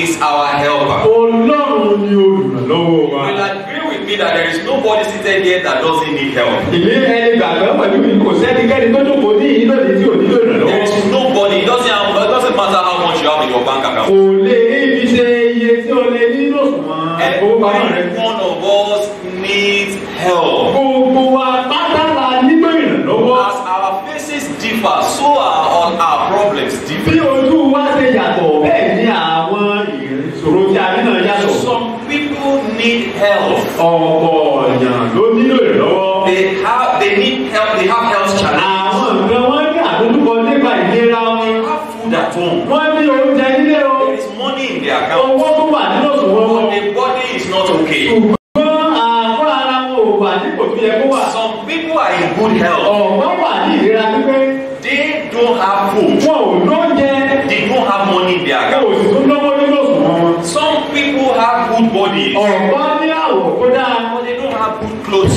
is our helper. Ọlọ́run ni olùrànlọ́wọ́ wa. You will agree with me that there is nobody sitting here that doesn't need help. Ìlé ẹni gbàgbọ́ pẹ̀lú mi kò sẹ́nikẹ́ni tó jókòó ní iná ní tí ò nílò There is nobody it doesn't, it doesn't matter how much you have in your bank account. Kò lè ibi ṣe iye tí o lè nílò sùn mọ́. Ẹ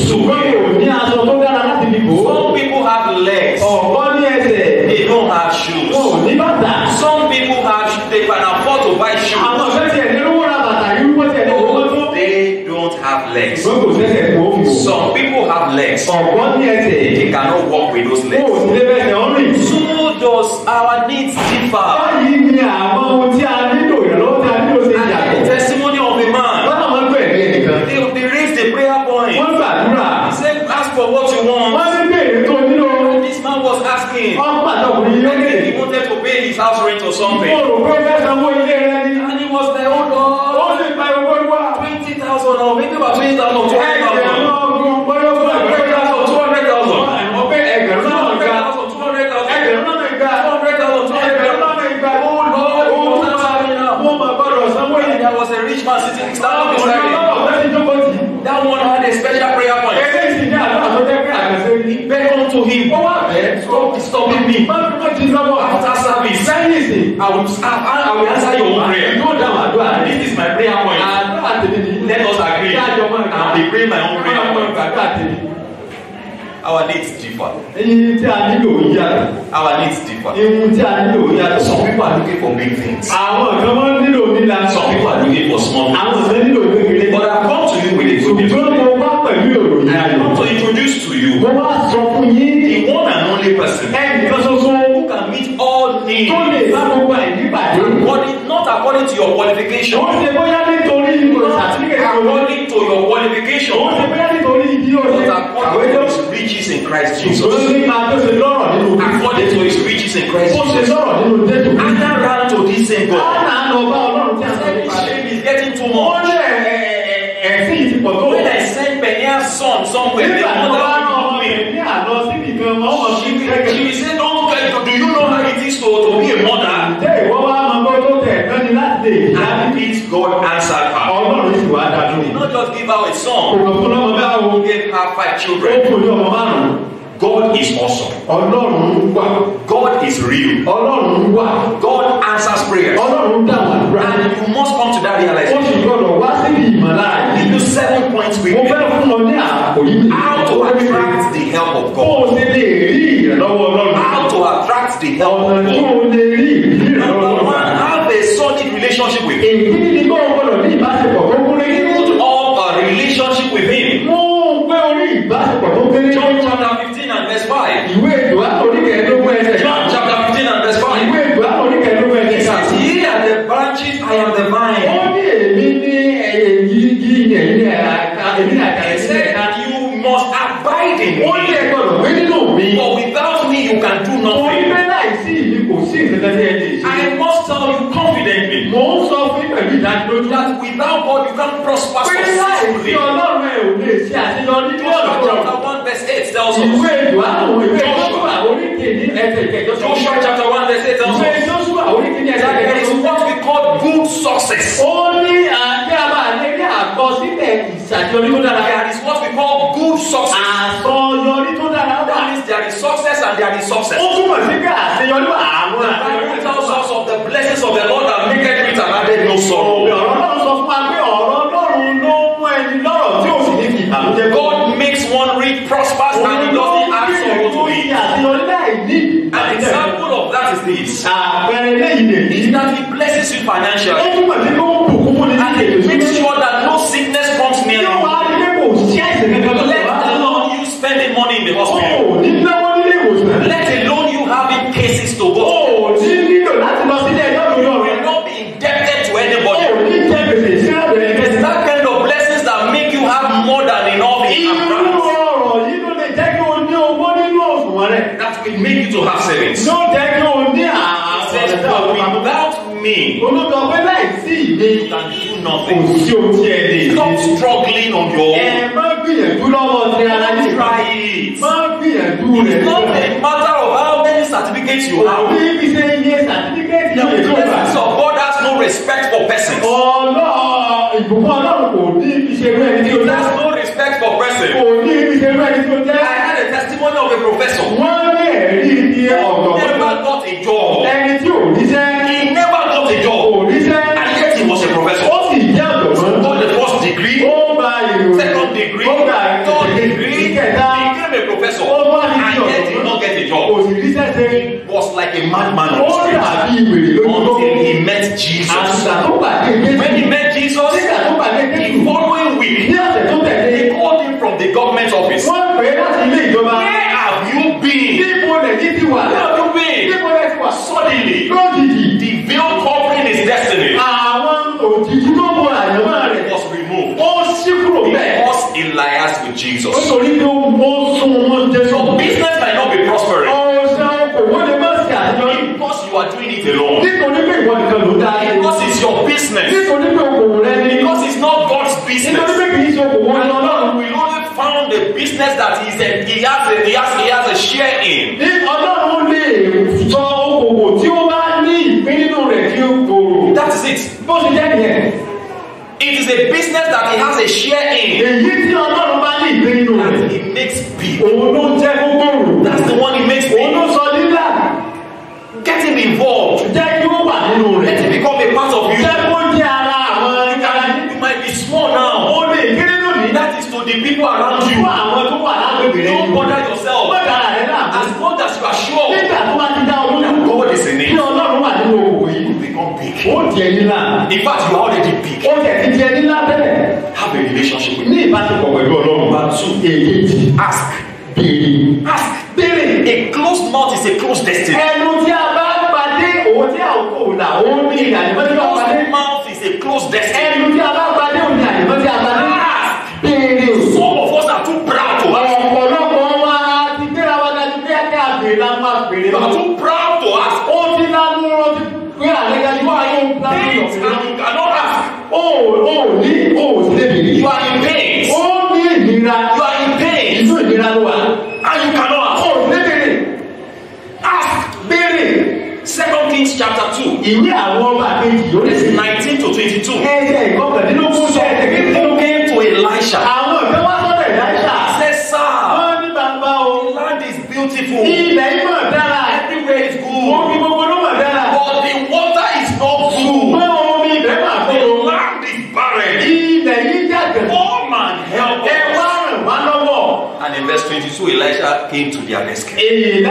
ṣùgbọ́n mi ò ní aṣọ tó dára láti fi bò. some people have legs. ọ̀pọ̀ ní ẹsẹ̀. they don't have shoes. wọn ò ní bàtà. some people have they can afford to buy shoes. àwọn ọ̀sẹ̀sẹ̀ nínú wọn ra bàtà irú wọn tẹ̀ lọ́wọ́ wọn tó. they don't have legs. ṣùgbọ́n kò sẹ́sẹ̀ tó fi bò. some people have legs. ọ̀pọ̀ ní ẹsẹ̀. they cannot walk with those legs. wọn ò ní lé bẹ́ẹ̀ his house rent or something. And he was their own God. Ó lè Twenty thousand or maybe about twenty thousand or twenty thousand. Ẹgbẹ̀rún ọgbọ̀n gbọ́dọ̀ fún ẹgbẹ̀rún thousand two thousand. Mo pé ẹgbẹ̀rún thousand two thousand. There was a rich man sitting down beside him. That one had a special prayer point. Ẹgbẹ́ ìsìn ní àná him. Ó Stop it, me. I will, I, I will answer your prayer. No doubt, Adua. This is my prayer point. Adua tèmi ni. Let us agree. I will pray my own prayer point. Our needs differ. Ihun tí a Our needs differ. Some people are looking for big things. Some people are looking for small things. But I come to you with a good I come to introduce to you. The one and only person. Ẹnì kan ṣoṣo need. tó lè bá gbogbo àyípadé. but it's not according to your qualification. wọ́n ṣe bóyá nítorí ìlú sàtífíkẹ̀tì. according to your qualification. wọ́n ṣe bóyá nítorí ìdí òye. according to his riches in Christ Jesus. ló ní máa tó ṣe lọ́rọ̀ nínú. according to his riches in Christ Jesus. ó ṣe sọ̀rọ̀ nínú dédú. Anna ran to this same God. Anna lọ bá Ọlọ́run tí a sọ nípa rẹ̀. he is getting too much. wọ́n lẹ̀ eh, eh, eh, ẹ̀sìn ìsìnkọ̀ tó. when I send Benin son somewhere. nígbà tó bá rán ọmọ yẹn ní àlọ́ síbi kan ọmọ to be a mother. Tẹ́ ìwọ wá máa gbọ́ tó tẹ̀ ẹ̀kọ́ ni láti lè. And it God answered her. Ọlọ́run sì wá dájú. He not just give her a son. Oh no, fún ọmọ mẹ́wàá. He gave her five children. Oh no, ní ọmọ God is awesome. Ọlọ́run wà. God is real. Ọlọ́run wà. God answers prayers. Ọlọ́run dá wà dúrà. And you must come to that realization. Ó sì gbọ́dọ̀ wá síbi ìmọ̀lá Give you seven points with me. Mo fẹ́ fún How to attract the help of God. Bó o ṣe lè rí How to attract that's the help. ọ̀nà number one have a solid relationship with him. build up a relationship with him. John chapter 15 and verse 5. sí ọlọ́run ẹ̀ ò lè ṣe àṣeyọrí ní ọ̀dọ̀ rẹ̀. Joshua chapter one verse eight tells us. Ìwé Jòhánù ìwé Joshua ní ẹsẹ̀ kẹjọ. chapter one verse eight tells Ìwé Joshua oríkèé ní ẹsẹ̀ kẹjọ. That is what we call good success. Ó ní àjẹ́ àbáyé ní àkọsílẹ̀ ìṣàjọyọ̀ tó dára. That is what we call good success. Àtọyọrí tó dára wà. That is there is success and there is success. Ó túmọ̀ sí pé àṣeyọrí wà àwọn àṣeyọrí. The Bible us of the blessings of the Lord that make it rich and add no sorrow. Ọ̀rọ̀ náà sọ fún wa pé ọ̀rọ̀ Àlùjẹ God makes one rich prosperous and he doesn't ask someone to be. Àṣeyọrí láì An example of that is this. Àpẹẹrẹ Is that he blesses you financially. And he makes sure that no sickness comes near you. Let alone you spend the money in the hospital. me. Olúwa pé láìsí ìwé ìtàkùnà kò sí ohun tí ẹ lè. Stop struggling on your own. Ẹ má gbìyànjú lọ́wọ́ ní ara yìí. Try it. Má gbìyànjú rẹ̀. It's not a matter of how many certificates you have. Òbí mi ṣe iye certificate yẹn tó bá. The blessings of God has no respect for persons. Ọlọ́ ìbùkún Ọlọ́run kò ní ìṣerú ẹni tó jẹ́. It has no respect for persons. Kò ní ìṣerú ẹni tó jẹ́. I had a testimony of a professor. Wọ́n lè rí iye ọ̀dọ́. He never got a job. Ẹni tí ò ní jẹ́. He never got a job. He said, And yet he was a professor. What's sì jẹ́ ọ̀jọ̀gbọ́n. Got the first degree. Ó gba Second degree. Ó gba Third degree. Ìkẹta. He became a professor. Ó wá And yet he not get a job. Kò sì ríṣẹ́ He Was like a madman on the street. Until he met Jesus. When he met Jesus. Nígbà tó pàdé Jésù. The following week. They called him from the government office. Wọ́n Where have you been? People lẹ̀ ní ti Where have you been? People lẹ̀ ti wà? Suddenly. Lójijì. The veil Jesus. nítorí business might not be prospering. because you are doing it alone. nítorí pé ìwọ nìkan ló because it's your business. nítorí pé òkòwò rẹ ni. because it's not God's business. nítorí pé kìí ṣe òkòwò rẹ only found a business that he, is he, has, a, he, has, he has a share in. ní ọlọ́run lè sọ òkòwò tí ó bá that is it. It is a business that he has a share in ní ìpín inú rẹ̀. he makes big. òun ló jẹ́ gbogbo that's the one he makes big. òun ló sọ lílà. get him involved. jẹ́ kí ó wà nínú rẹ̀. let him become a part of you. jẹ́ kó jẹ́ ara àwọn ara you might be small now. ó lè kéré lónìí. that is to the people around you. fún àwọn tó wà lágbègbè rẹ̀. don't bother yourself. wọ́n dára rẹ̀ náà. as long as you are sure. nígbà tó bá ti dá olú náà. God is in it. kí ọlọ́run wà nínú òwò yìí. become big. ó jẹ nílà. in fact you are already big. ó jẹ ti jẹ nílà bẹ́ẹ̀ a relationship with. ní ìbáṣepọ̀ pẹ̀lú ọlọ́run. number two èyí ask béèrè. ask béèrè. a closed mouth is a closed destiny. ẹnu tí a bá pàdé òun tí a kò là òun ní ìdánimọ̀ tí a pàdé. closed mouth is a closed destiny. ẹnu tí a bá pàdé òun ní ìdánimọ̀ tí a pàdé. ask béèrè. some of us are too proud. ìwé àwọn ọba kejì yóò lè ṣe nineteen to twenty two. ẹsẹ̀ ìkọkàndínlógún ṣe ẹsẹ̀ kejìlélógún. came to Elisha. àwọn ìfẹ́ wá sọ́dọ̀ Elisha. ṣe sáà. wọ́n ní bàbá o. land is beautiful. ilẹ̀ so Elisha came to their rescue. In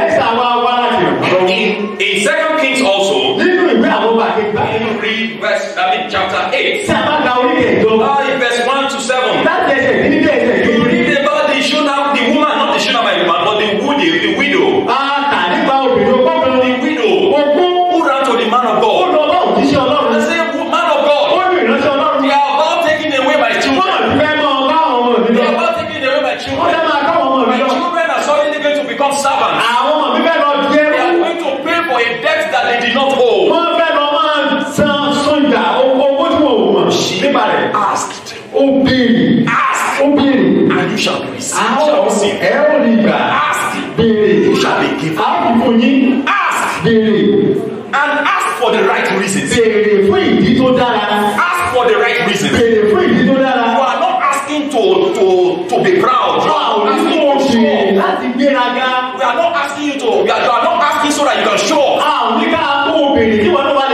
in second Kings also. Nínú read verse I mean chapter eight. Sábà gba ah, verse one to seven.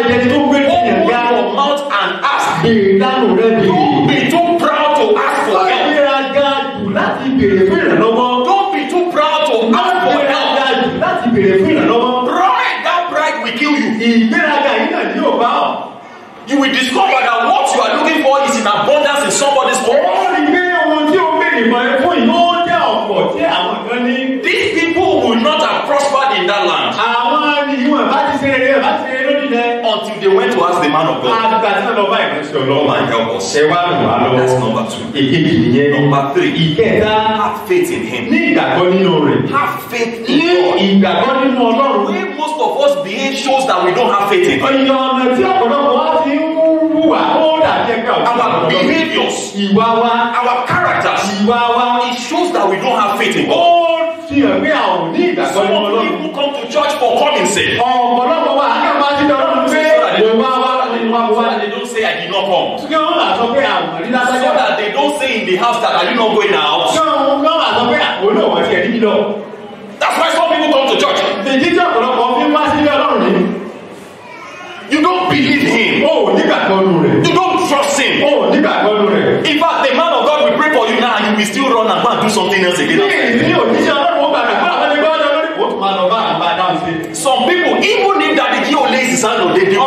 ẹ̀jẹ̀ tó gbé ní ẹ̀yà. open your mouth and ask. béèrè dánù rẹ béèrè. don't be too proud to ask for help. àgbéra ga láti béèrè fún ìrànlọ́wọ́. don't be too proud to ask for help. àgbéra ga láti béèrè fún ìrànlọ́wọ́. pride that pride will kill you. ìgbéraga yìí náà yóò bá ọ. you will discover that what you are looking for is in abundance in somebody's home. ó rí gbé ohun tí ó béèrè mọ́ ẹ fún ìmọ̀ ó jẹ́ ọ̀pọ̀ tí àwọn kan ní. these people will not have prospered in that land. àwọn ni bá ti ṣe rere bá ti ṣe rere until they went to ask the man of God. Àgbà ah, tí lọ́ba ìlú sí ọlọ́run. Come and help us. Ṣé wá lù That's number two. Number three. Ìkẹta. Have faith in him. Ní ìgbàgbọ́ nínú rẹ̀. Have faith in God. Ní ìgbàgbọ́ nínú ọlọ́run. Where most of us behave shows that we don't have faith in him. Ìyá ọ̀nà tí ọ̀pọ̀lọpọ̀ wá Our behaviors. Our characters. It shows that we don't have faith in God. Ó fi Some people come to church for coming sake. Ọ̀pọ̀lọpọ̀ They will wow, they They don't say I did not come. So that they don't say in the house that I did not go in going out? That's why some people come to church. You don't believe him. Oh, You don't trust him. Oh, In fact, the man of God will pray for you now and you will still run and go and do something else again. Some people, even if that the key lays his hand on, they do.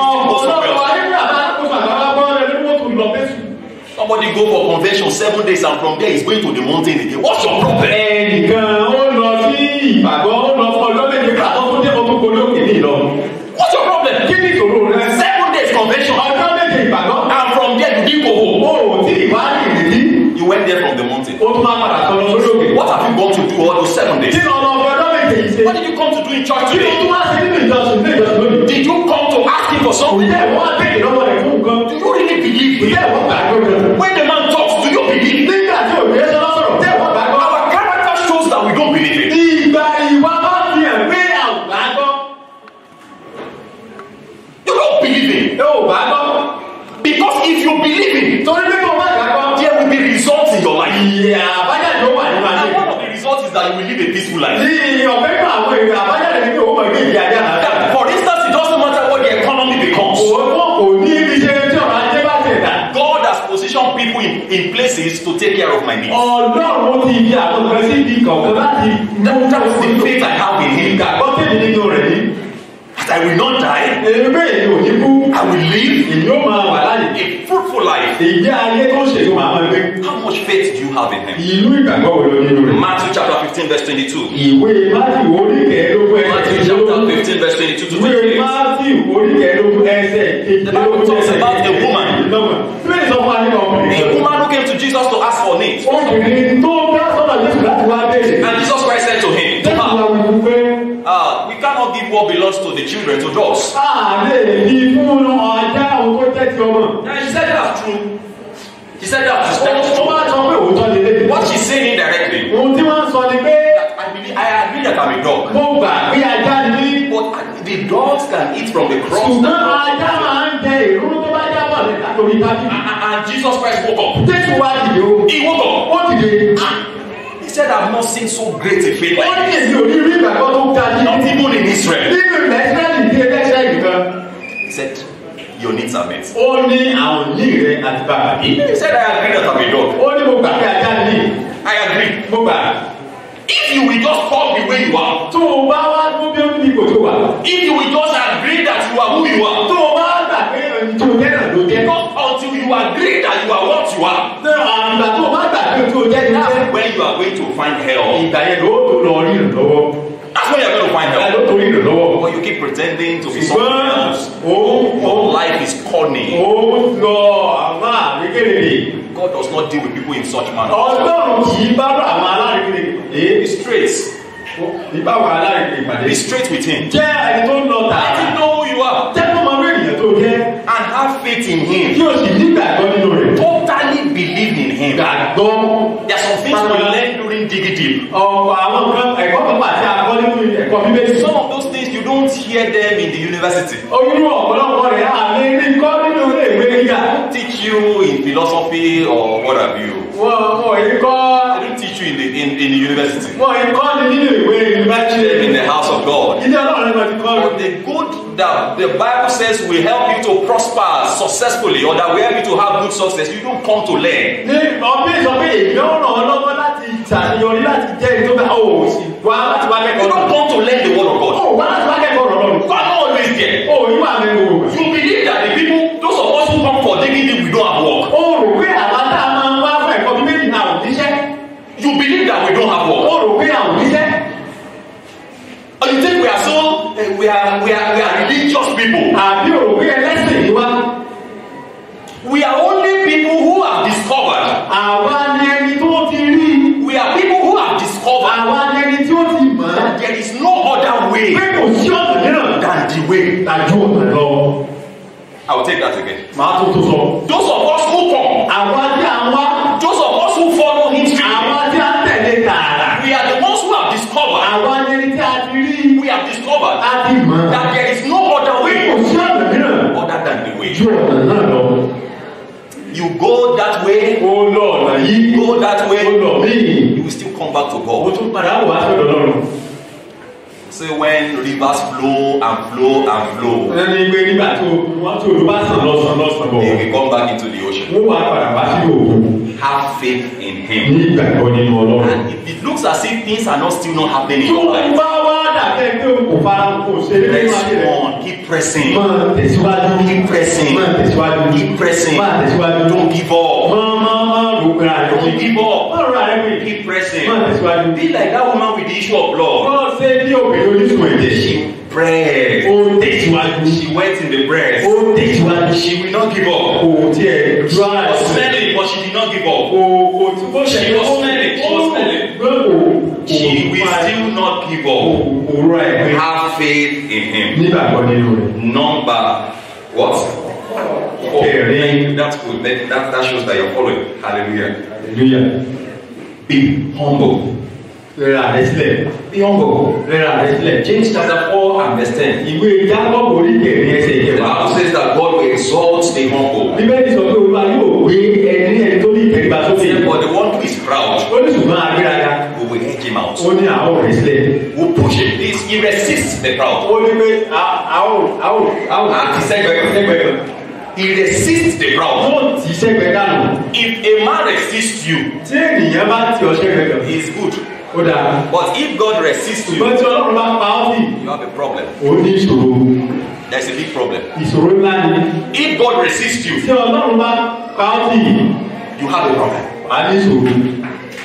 somebody go for convention seven days and from there he's going to the mountain again what's your problem. ẹnìkan ó lọ sí ìbàdàn ó lọ fọ lọ́lẹ̀ nípa ọdún dé ọdún kò lókè ní ìlọrin. what's your problem. kí ni ìṣòro rẹ. seven days convention. ọjọ́ méje and from there you dey go home. o ti ìwà ìrìndí. you went there from the mountain. o tún máa padà sọ lọ lókè. what have you gone to do all those seven days. kí ni ọ̀nà ọ̀gbẹ́ yìí ṣe. what did you come to do in church today. kí ni tún wá sí nínú ìjọsìn nínú ìjọsìn lónìí. did you come to ask him for something. ilé really believe? Ǹjẹ́ ìwọ gbàgbọ́ rẹ̀? When the man talks, do you believe? Nígbà tí òbí rẹ̀ sọ́nà sọ̀rọ̀, ǹjẹ́ ìwọ gbàgbọ́? Our character shows that we don't believe it. Ìgbà ìwà máa fi hàn pé àwọn gbàgbọ́. You don't believe it. Ẹ Because if you believe it, torí pé kò má gbàgbọ́, there will be results in your life. Ìyá àbájáde ó wà one of the results is that you will live a peaceful life. Ìyá ọ̀gbẹ́ni àwọn èrè àbájáde ní òun mọ̀ ní ìyá in in places to take care of my needs. ọlọ́run ó ti yí àwọn ọ̀gbẹ́ sí ibi kọ̀ọ̀kan láti that was the faith I have in him. ìgbàgbọ́ tèmi nínú rẹ̀ ni. that I will not die. ebe èyí ò ní kú. I will live. èyí ó máa wà láyé. a fruitful life. èyí ayé tó ń ṣe tó máa máa gbé. how much faith do you have in him. ìlú ìgbàgbọ́ wo ló nínú rẹ̀. Matthew chapter fifteen verse twenty-two. ìwé Matthew oníkẹ́ẹ́dógún ẹ̀ẹ́dógún. Matthew chapter fifteen verse twenty-two to twenty-eight. ìwé Matthew oníkẹ́ẹ́dógún ẹsẹ̀ kejìlélógún ẹsẹ̀ kejìlélógún. the woman. The woman who came to Jesus to ask for needs. And Jesus Christ said to him, uh, We cannot give what belongs to the children to dogs. Ah, And she said, That's true. He said that was true. What she's saying indirectly. That I believe I agree that I'm a dog. But the dogs can eat from the cross sọ̀rọ̀ látòrí tábìlì. and Jesus Christ woke up. Jésù wá dìde o. he woke up. What did he do? Ah, he said "I've not seen so great a faith like this. ó ní èmi ò ní rí ìgbàgbọ́ tó ga ní. not even in Israel. nínú ìlà Israẹli ní ẹgbẹ́ Israẹli gan. he said your needs are met. Only ní àwọn òní rẹ àti bàbá he said I agree that I am a dog. ó ní mo gbà pé ajá I agree. mo gbà if you will just talk the way you are. if you will just agree that you are who you are you agree that you are what you are. and ah, àgbà tó o bá gbàgbé tó o jẹ́ when you are going to find help. ìgbà ló tó lọ rí ìrànlọ́wọ́. that's when you are going to find help. ìgbà ló tó rí ìrànlọ́wọ́. but you keep pretending to be someone else. o your life is corny. o lọ àwọn àrékèrè. God does not deal with people in such manner. ọlọ́run kì bá rà àwọn alárékèrè. be straight ìbá wà láàrin ìpàdé. be straight with him. jẹ́ ẹni tó ń lọ tà. let him know who you are. jẹ́ kó mọ orí ènìyàn tó jẹ́. and have faith in him. go. There are some things we learn during digital. Ọ̀pọ̀ àwọn nǹkan ẹ̀kọ́ kan wà tí a kọ́ nínú ẹ̀kọ́ bíbélì. Some of those things you don't hear them in the university. Oh, you Onírú ọ̀pọ̀lọpọ̀ rẹ̀ àlẹ́ ní kọ́ nínú ilé They don't Teach you in philosophy or what have you. Wọ́n oh, yìí They don't teach you in the in, in the university. Wọ́n yìí kọ́ nínú ìwé university. In the house of God. Ilé ọlọ́run ni wọ́n ti kọ́. But they go that the Bible says will help you to prosper successfully or that will help you to have good success. You don't come to learn. Ní ọ̀gbìn sọ pé èmi láti ìtàníyọrí láti jẹ́ èyí tó bá ò láti wá kẹ́kọ̀ọ́. You don't come to learn the word of God. Oh, wá láti wá kẹ́kọ̀ọ́ ọ̀rọ̀ lọ́rùn. God no always there. Ó yí wà mí o. You believe that the people those of us who come for dignity we don't have work. Oh, rò pé àwa tá a máa ń wá fún ẹ̀kọ́ bíbélì náà ò You believe that we don't have work. Ó oh, rò pé we are we are we are religious people. àbí òwe ẹlẹ́sìn ni wá. we are only people who have discovered. àwa ni ẹni tó ti rí. we are people who have discovered. àwa ni ẹni tó ti mọ̀. that there is no other way. pé kò sí ọ̀nà mìíràn. than the way. tajú ọ̀nà lọ. I will take that again. Màá tó tó sọ. Those of us who come. Àwa tí a Those of us who follow him. Àwa tí a tẹ̀lé tààrà. We are the ones who have discovered. Àwa ni have discovered that there is no other way oh, other than the way. You go that way. Oh Lord, you go that way. Oh Lord, me. You will still come back to God. Oh, so when rivers flow and flow and flow, they will come back into the ocean. Have faith in Him. And if it looks as if things are not still not happening in your life. Press on. Keep pressing. Keep pressing. Keep pressing. Don't give up. Don't give up. Alright, Keep pressing. Be like that woman with the issue of blood. Oh, this prayed. She went in the Oh, this press. She will not give up. Oh, She was smelling, but she did not give up. Oh, oh. She was smelling. She was smelling. She will still not give up faith in him. Number what? Four. That's good. That, that, that shows that you're following. Hallelujah. Hallelujah. Be humble. Rẹ̀ra rẹ̀ Be humble. Rẹ̀ra rẹ̀ James chapter four and verse ten. The Bible says that God will exalt the humble. Bíbélì sọ pé Olúwa yóò gbé ẹni ẹni tó ní ìtẹríba But the one who is proud ó ní àwọn òrìn sílẹ̀. we push it this he resists the crowd. ó ní pé àwọn àwọn àwọn àti sẹ́gbẹ̀gbẹ̀. he resists the crowd. wọ́n ti sẹ́gbẹ̀ dànù. if a man resists you. tí ènìyàn bá ti ọ̀ṣẹ́ gbẹ̀gbẹ̀. he is good. ó dáa. but if God resists you. ṣùgbọ́n tí ọlọ́run bá pa ọ́ sí. you have a problem. ó ní ìṣòro. there is a big problem. ìṣòro ńlá ni. if God resists you. tí ọlọ́run bá pa ọ́ sí. you have a problem. wà ní ìṣòro.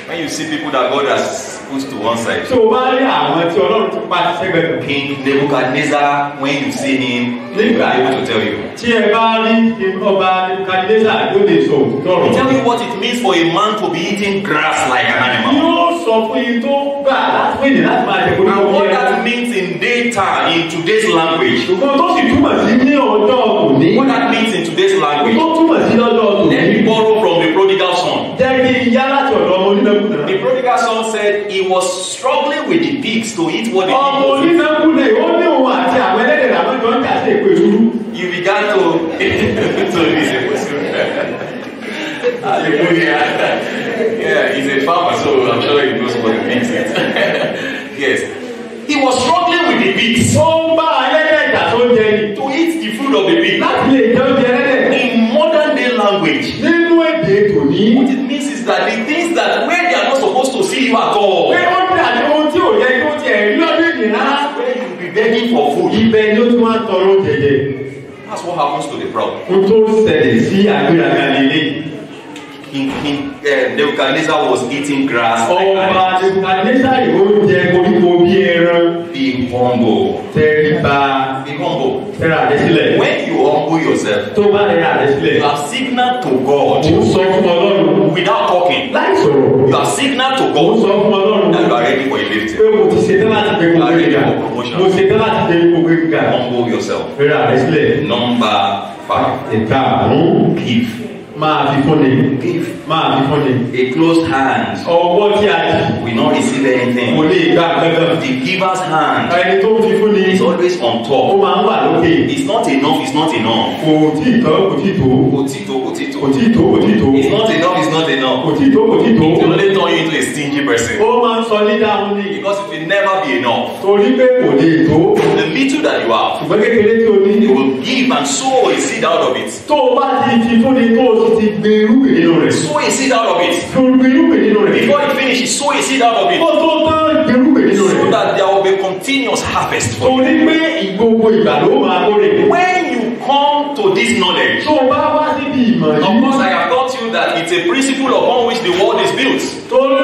when you see people that God has put to one side. tó o bá rí àwọn tí ọlọ́run ti pa sẹ́gbẹ̀ẹ́ kan. King Nebuchadnezzar when you see him he will be able to tell you. tí ẹ bá rí ọba Nebuchadnezzar yóò lè sọ he tell you what it means for a man to be eating grass like an animal. yóò sọ fún yín tó gbà láti fún láti máa ṣèkóso. and what that means in data in today's language. ṣùgbọ́n tó sì túmọ̀ sí ní ọjọ́ òní. what that means in today's language. tó túmọ̀ sí lọ́jọ́ òní. let me borrow from the prodigal son said he was struggling with the pigs to eat what he. pigs. he began to to lis ten yeah he's a farmer so i'm sure he knows what the pigs eat yes he was struggling with the pigs. ó ń bá ẹlẹ́dẹ̀ dà to eat the food of the pig. in modern day language. what it mean that the things that where they are not supposed to see you at all. pé ó dàbí ohun tí ò yẹ kí tiẹ̀ rí ọdún where you be begging for food. ibẹ̀ ni ó ti wá tọrọ oúnjẹ that's what happens to the proud. kó tó ṣẹlẹ̀ sí àgbéraga lélẹ̀. King King uh, eh, Nebuchadnezzar was eating grass. Ọba Nebuchadnezzar yóò jẹ koríko bí ẹran. Be humble. Tẹríba. Be humble. Tẹ́ra àdé sílẹ̀. When humble yourself. tó bá rẹ̀ rẹ̀ sílẹ̀. you have signal to God. mo sọ fún ọlọ́run. without talking. láì sọ̀rọ̀. you have signal to God. mo sọ fún ọlọ́run. that you are ready for a lift. pé mo ti ṣetán láti gbé gbogbo ìgbà. mo ṣetán láti gbé gbogbo ìgbà. humble yourself. rẹ̀ rẹ̀ sílẹ̀. number five. ìta àrùn. give máa fi fún ni. give máa fi fún ni. a closed hand. ọwọ́ tí a di. will not receive anything. kò lè gba kankan. the giver's hand. ẹni tó fi fún ni. is always on top. ó máa ń wà lókè. it's not enough it's not enough. kò tí ì tán kò tí tó. kò tí tó kò kò tí it's not enough it's not enough. kò tí it will only turn you into a stingy person. Oh man, ń sọ because it will never be enough. torí pé kò the little that you have. ṣùgbọ́n kékeré you will give and sow a seed out of it. tó o bá ti fi fúnni tó sow a seed out of it. gbin irúgbìn nínú before it finishes, sow a seed out of it. ó tó tán so that there will be continuous harvest for you. torí pé ìgbogbo ìgbà when come to this knowledge. tó o bá wá síbi ìmọ̀ yìí. of course I have taught you that it's a principle upon which the world is built. torí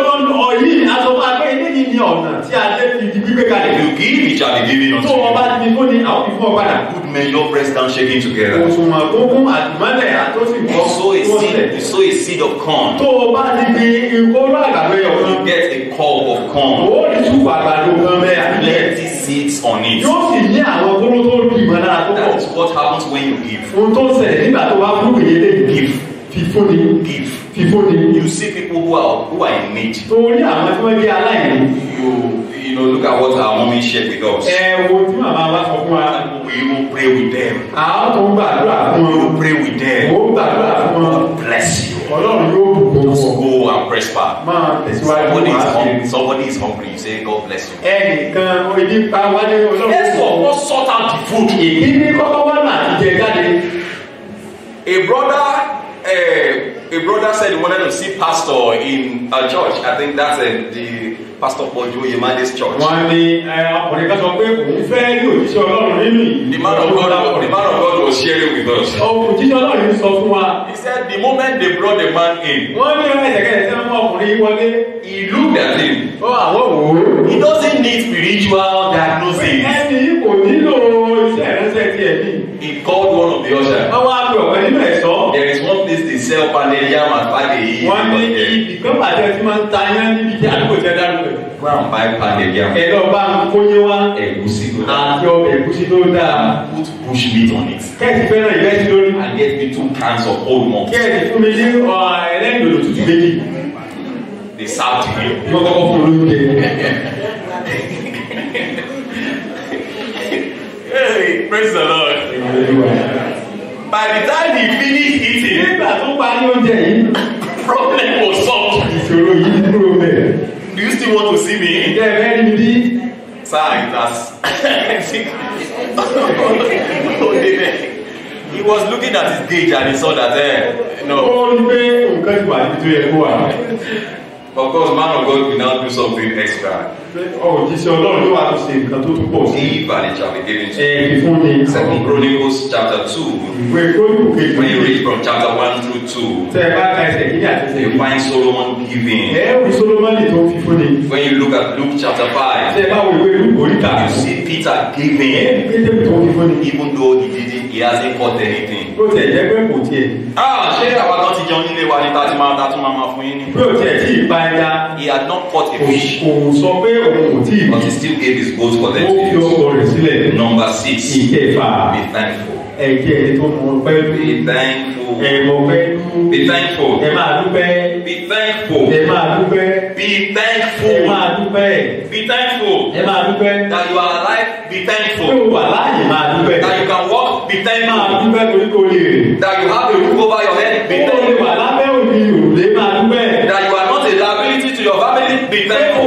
ọ̀yí àtọ́fà pé eléyìí ni ọ̀nà tí a lè fi gbígbé kalẹ̀. you give each other. be unto you. tó o bá ti ní kó ní àwọn ìfowópamọ́ Men, your breast stand shaking together. òṣùwọ̀n gúngún àtìmọ́lẹ̀ àtòsí bọ́ sílẹ̀. sow a seed of corn. tó o bá ti di ìkóró àgbàdo yọ̀ you get a cob of corn. o ní túbọ̀ àgbàdo kan bẹ́ẹ̀ plenty seeds on it. yóò sì ní àwọn kóró tó rí ìmọ̀ náà tó pọ̀. that's what happens when you give. ohun tó ń nígbà tó bá fún ìyẹlé. give. fífúnni. give. fífúnni. you see people who are who are in need. torí àwọn tí wọ́n jẹ́ aláìní. you know look at what our mommy share with us. ẹ wo tí màmá wa sọ fún wa we will pray with them. àwọn tó ń gbàdúrà we will pray with them. mo ń gbàdúrà fún wọn. bless you. ọlọ́run yóò bùkún wọn. go and prosper. máa tẹ̀síwájú máa somebody hungry somebody is hungry you say God bless you. ẹnìkan ebi pa wálé ọlọ́run. let's go go sort out the food. èyí ní kọ́kọ́ wá náà ti jẹ jáde. a brother. Uh, a brother said he wanted to see pastor in a uh, church. I think that's uh, the pastor for Bojo Yemade's church. Wọ́n ní ọkùnrin kan sọ pé òun fẹ́ rí òjíṣẹ́ The man of God the man of God was sharing with us. Òjíṣẹ́ Ọlọ́run sọ fún wa. He said the moment they brought the man in. Wọ́n ní ẹ̀ẹ́dẹ̀gẹ́dẹ̀ sẹ́wọ́n mọ́ ọkùnrin wọlé. He looked at him. Ó àwọn He doesn't need spiritual diagnosis. Ẹni kò nílò iṣẹ́ ìrẹsẹ̀ tiẹ̀ ní. He called one of the usher. Wọ́n wá pè ọ̀pẹ nínú ẹ̀sọ́. There is one place they sell panel yam and pade yìí. Wọ́n ní ìgbẹ́ pàtẹ́ tí máa ń ta yán níbi tí àdúgbò tẹ́ dárúkọ. Go and buy panel yam. Ẹ̀rọ bá ń kóyé wá. Ẹ̀gúsí tó dáa. Àjọ ẹ̀gúsí tó dáa. Put bush meat on it. Kẹ́ẹ̀sì fẹ́ràn ìrẹsì lórí. And get me two cans of old malt. Kẹ́ẹ̀sì fún mi ní uh, ẹlẹ́dòdò tútù méjì. They serve to you. Yọ kọ́kọ́ fún olóúnjẹ. Hey, praise the Lord the time he finish eating. nígbà tó parí oúnjẹ yìí. problem was solved. ìṣòro yìí dúró bẹ́ẹ̀. do you still want to see me. ǹjẹ́ ẹ rí mi sir it has. he was looking at his gauge and he saw that. there. Eh, no. ó ń gbé nǹkan ìgbà tó yẹ kó wà. of course man of God will now do something extra. Oh, jíṣẹ́ ọlọ́run yóò wá tó ṣe nǹkan tó túbọ̀ sí. Give and it shall be given to you. Ẹ ìfúnni. chapter two. Ìwé Chronicles When you read from chapter one through two. Tẹ ẹ bá ka ẹsẹ̀ kí You find Solomon giving. Ẹ ẹ wù Solomon tó fi fúnni. When you look at Luke chapter five. Tẹ ẹ bá wo Luke oríta. You see Peter giving. Ẹ ẹ pété tó fi Even though he didn't he hasn't caught anything. Bó tiẹ̀ jẹ́ pé kò Ah ṣé àwa náà ti jẹun nílé wa ni tá a ti máa ta tún máa máa fún yín ni. Bó tiẹ̀ tí ì pa He had not caught a fish. Kò sọ But he still gave his goals for them. Ó fi Number six. Be thankful. Be thankful. mọ pẹ́. Be thankful. Ẹ̀mọ pẹ́. Be thankful. Be thankful. Be thankful. Be thankful. That you are alive, be thankful. That you can walk, be thankful. That you have a roof over your head, be thankful. That you are not a liability to your family, be thankful.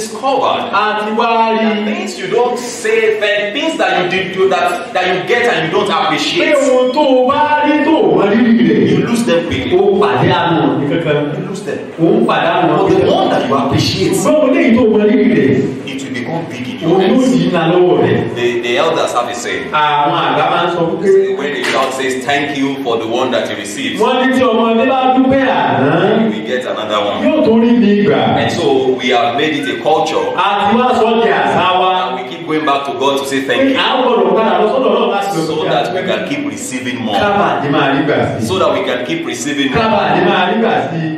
discovered and the things you don't say the things that you did do that that you get and you don't appreciate. you lose them quick. o pàdé àná you lose them. o ń pàdé but the one that you appreciate people big influence. Owó yìí na The the elders have a say. Àwọn àgbà máa ń sọ When the child says thank you for the one that you received. We get another one. And so we have made it a culture. back to God to say thank you. So that we can keep receiving more. So that we can keep receiving more.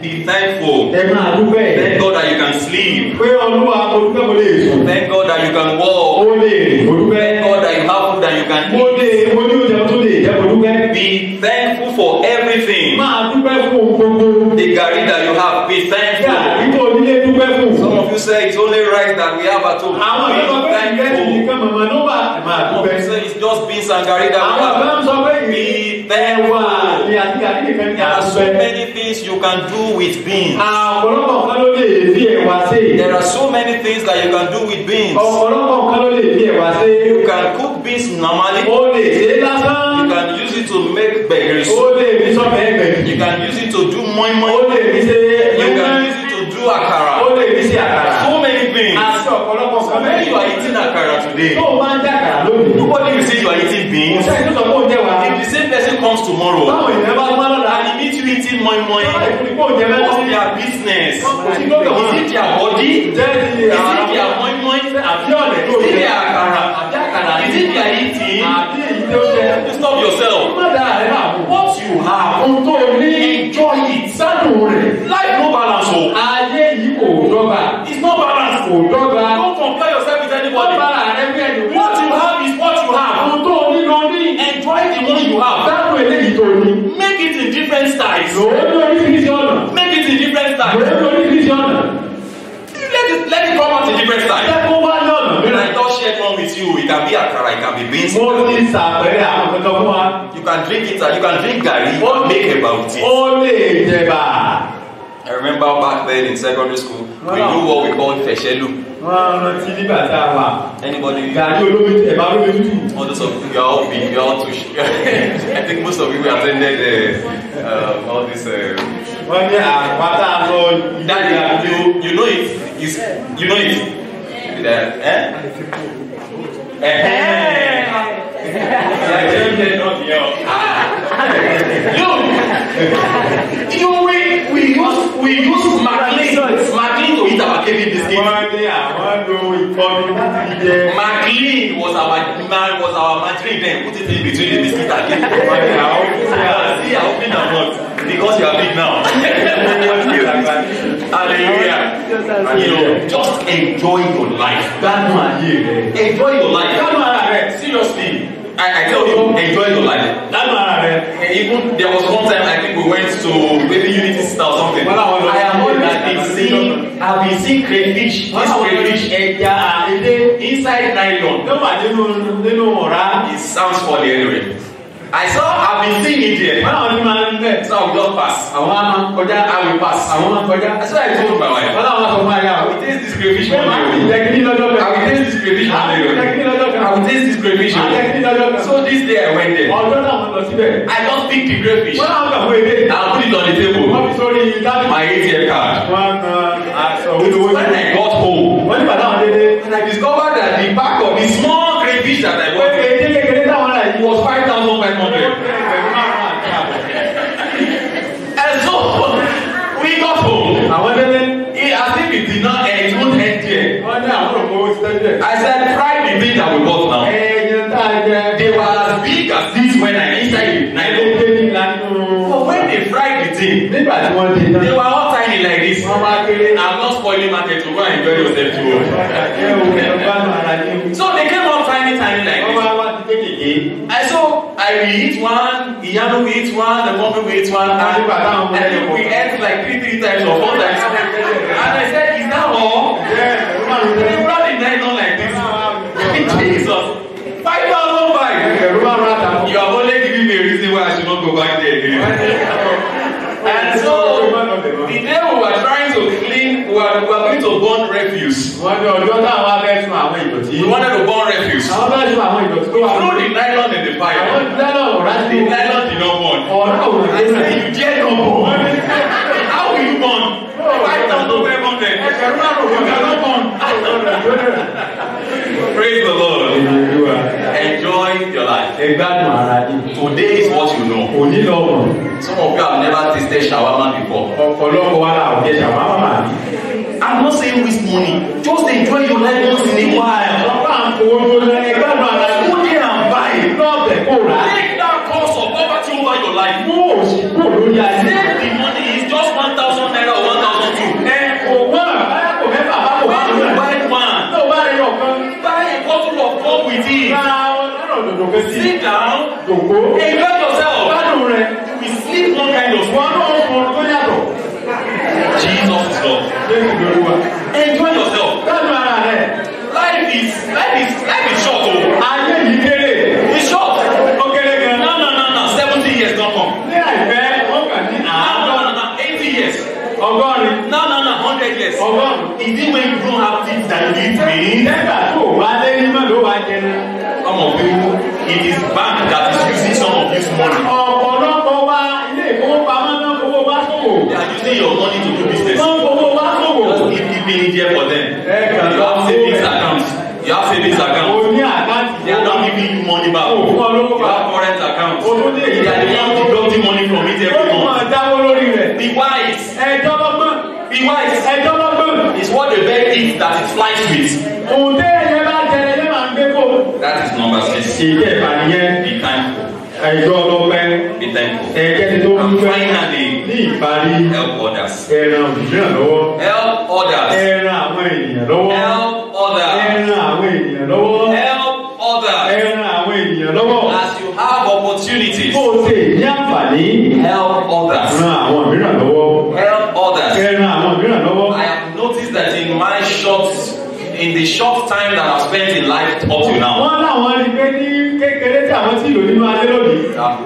Be thankful. Thank God that you can sleep. Thank God that you can walk. Thank God that you have food that you can eat. Be thankful for everything. The garden that you have, be thankful. Some of you say it's only right that we have at home. Àwọn kan sọ pé ìrẹsì Some of you say it's just beans and garri that we have. Àwọn kan sọ pé ìtẹ́wà There are so many things you can do with beans. There are so many things that you can do with beans. You can cook beans normally. You can use it to make gbẹ̀gìrì You can use it to do mọ́ínmọ́ín. O things. ọ̀pọ̀lọpọ̀ kan mẹ́rin. You are eating àkàrà today. Tó máa ń jẹ àkàrà lónìí. Nobody will say you are eating beans. Ṣé ìlú sọ̀kọ́ oúnjẹ wa? If the same person comes tomorrow. Báwo ìyẹn bá gbọ́ lọ́la? He meet you eating moinmoin. What's their business? Is it their body? Is it their moinmoin? Àbí ọ̀lẹ̀ tó yẹ? Is it their àkàrà? Àbí àkàrà? Is it their eating? Àbí èyí tó yẹ? Stop yourself. Má dá àárẹ̀ àbò. What you have? Ohun tó o ní. Enjoy it. Sádùn Life no balance kò dọ́gba. don't compare yourself with anybody. wọ́n bára rẹ bí ẹni. what you have is what you have. ohun tó o lọ ní. enjoy the one you have. dáhùn eléyìí tó o ní. make it in different styles. lò ó ní oríṣiríṣi ọ̀nà. make it in different styles. lò ó ní oríṣiríṣi ọ̀nà. let it let it come out in different styles. ṣé mo bá lọ́nà. when I talk share one with you it can be akara it can be beans. mo ti sàpẹrẹ àwọn kankan fún wa. you can drink it you can drink garri. make eba with ó lè jẹba remember back then in secondary school wow. we knew what we called Feshelu. wọ́n rántí nígbà tá a wà. anybody. gàdí olómi ẹ̀bá olómi tútù. all those of you all be you all too I think most of you attended uh, uh, all this. Uh, wọ́n ní àwọn tá a lọ ìdájọ́ àdúgbò. you know it is you know it. Yeah. Eh? Eh? Yeah, I don't get not You! Yeah. McLean was our man was our matron then. Put it in between the biscuit again. See, I open the box because you are big now. Hallelujah. You know, just enjoy your life. That man here. Enjoy your life. Come on, seriously. I, I tell you, enjoy your life. That man. right. Eh, even there was one time I think we went to maybe Unity Star or something. Well, I, I have always been seeing, I've been seeing crayfish, this crayfish ẹja and inside nylon. No Nọ́mbà nínú know, ọ̀rá. Ah? It sounds funny anyway. I saw I've been seeing it here. Wọ́n àwọn onímọ̀ ń bẹ̀. So I will just pass. Àwọn àmà kọjá I will pass. I Àwọn àmà kọjá. That's saw I told my wife. Wọ́n àwọn àtọ̀ máa yà. I will taste this crayfish. Wọ́n máa ń tẹ̀kí ní lọ́jọ́ bẹ̀rẹ̀. I will taste this crayfish. I will taste this crayfish this day I went there. ọjọ́ náà mo lọ síbẹ̀. I just pick the crayfish. wọ́n náà kàwé dé. I put it on the table. wọ́n fi sórí tábìlì. my ATM card. wọ́n na when I got home. wọ́n ní bàtà wọn dédé. and I discovered that the back of the small crayfish that I bought. pé èdè kékeré táwọn náà yìí. was five thousand five hundred. and so we got home. as if it did not end won't I said "Try the meat that we bought now. they were big as this when I enter it na even pay me like so when they fry the thing they were all tiny like this I'm not spoiling market to go and enjoy yourself too so they came out tiny tiny like this I so I we eat one Iyanu we eat one the company we eat one and I think we ate like three three times or four times and I said is that all? Yeah. they brought the nylon like this Jesus ẹ̀rú máa máa dàpọ̀. You are only giving me a reason why I should not go back there again. and so the day we were trying to clean we were, we were going to burn refuse. we wanted to burn refuse. we threw the nylon in the fire. àwọn the nylon did not burn. ọ̀rá ò I said you dare not burn. how will you burn? five thousand five hundred. burn. praise the Lord. Enjoy your life. Ẹ gbádùn ara yín. Today is what you know. Òní lọ mọ̀. Some of you have never tasted shawarma before. Ọ̀pọ̀lọpọ̀ wa la ò jẹ shawarma I'm not saying waste money. Just enjoy your life once in a while. Bàbá àkòwò ló ń lọ ẹgbẹ́ àgbà rẹ̀. Ó ní àǹfààní lọ́ọ̀bẹ̀ kó rà. Take that course of poverty over your life. Mú òṣìkò lórí ayé. Save the money is just one thousand naira or one thousand two. Ẹ kò wá àbáyàkọ̀ mẹ́fà bá kò bá lọ. Buy one. Tó bá rẹ̀ lọ kan. Buy a bottle of cup with it sit down. dòkó. enjoy yourself. we sleep one kind of. one. Jesus is Lord. enjoy yourself. that it flies with. Òde ẹ̀yẹ bá jẹrẹ ní màá gbé bò. That is number six. Ìdí ìbànújẹ́. Be thankful. Ẹjọ́ ọlọ́pẹ́. Be thankful. Ẹ̀jẹ̀ ti tó ń fẹ́. And finally. Ní ìparí. Help others. Ẹran òmìnira lọ́wọ́. Help others. Ẹran àwọn ènìyàn lọ́wọ́. Help others. Ẹran àwọn ènìyàn lọ́wọ́. Help others. Ẹran àwọn ènìyàn lọ́wọ́. As you have opportunities. Kó o ṣe ní àǹfààní. Help others. Ran the short time that I've spent in life up to now. Wọ́n láwọn rí pé ní kékeré tí àwọn tí ìlò nínú ayé lónìí. I'm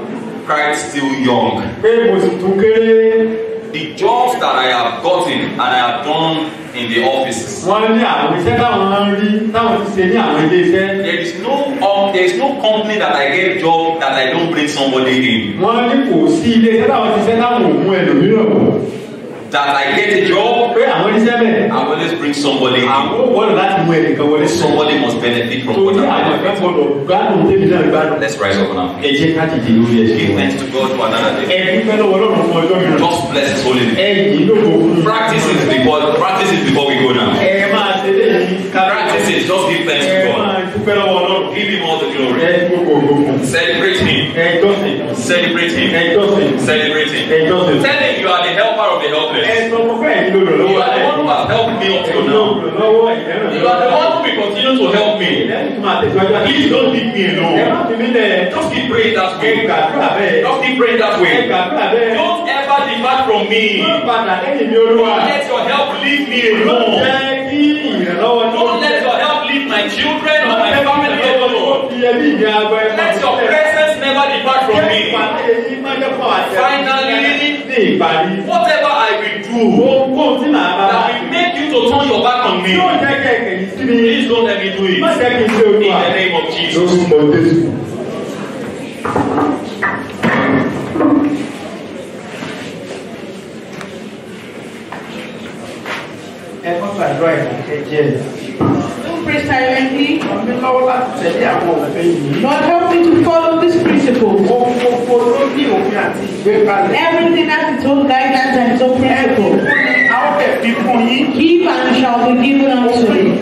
quite still young. Pé mo sì tún kéré. The jobs that I have gotten and I have done in the offices. Wọ́n ní àwọn iṣẹ́ táwọn rí táwọn ti ṣe ní àwọn ilé iṣẹ́. There is no um, there is no company that I get job that I don't bring somebody in. Wọ́n ní kò sí ilé iṣẹ́ táwọn ti ṣe táwọn ò mú ẹlòmíràn that I get a job. Pé àwọn oníṣẹ́ bẹ̀. I always bring somebody in. Àwọn wọ́n láti mú ẹnìkan wọlé. Somebody must benefit from what I'm doing. Torí àwọn ẹ̀fẹ́ gbọ́dọ̀ gbádùn débi náà gbádùn. Let's rise up now. Ẹ jẹ́ ká lórí ẹ̀jẹ̀. Give thanks to God for another day. Ẹbí fẹ́ lọ́wọ́ lọ́rùn fún ọjọ́ mìíràn. Just bless his holy name. Ẹyìn ló kò Practice it before practice it before we go now. Ẹ máa ṣe yìí. Practice it just give thanks to God. Ẹ máa dúpẹ́ lọ́wọ́ lọ́rùn. Give him all the glory. Ẹ gbogbo Celebrate him. Celebrating. Endorsing. Celebrating. Endorsing. Tell you are the helper of the helpless. You are the one who has helped me up till now. You are the one who will continue to help me. Please don't leave me alone. Just keep praying that way. Ẹ Just keep praying that way. e bẹ́ẹ̀. Don't ever depart from me. let your help leave me alone. tó. Don't let your help leave my children or my family alone. Let your presence. never depart from me. Finally, whatever I will do that will make you to turn your back on me, please don't let me do it. In the name of Jesus. ẹ kọ́ gbàdúrà ẹ̀ ẹ̀jẹ̀ ẹ̀ pray silently. Ọ̀mí help me to follow this principle. Everything has its own guidance and its own principle. A Give and shall be given unto you.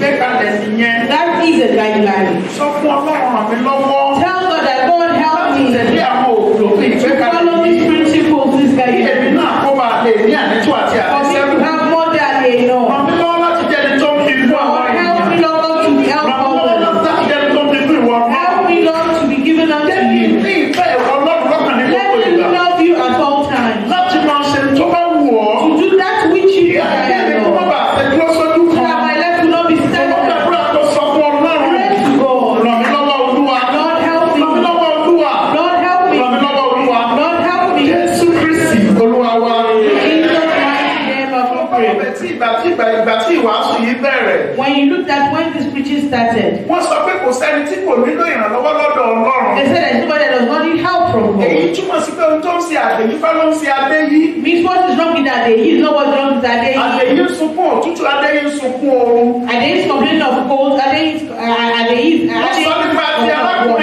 That is a guideline. sẹ́ni tí kò nílò ìrànlọ́wọ́ lọ́dọ̀ ọlọ́run. they said that nobody does not need help from God. èyí túmọ̀ sí pé ohun tó ń ṣe àdéyífá ló ń ṣe adéyí. means what is wrong with adéyí is not what is wrong with adéyí. adéyí ń sunkún òtútù adéyí ń sunkún ooru. adéyí is complaining of cold adéyí is uh, adéyí. Uh, wọ́n sọ nípa ti alákùnrin.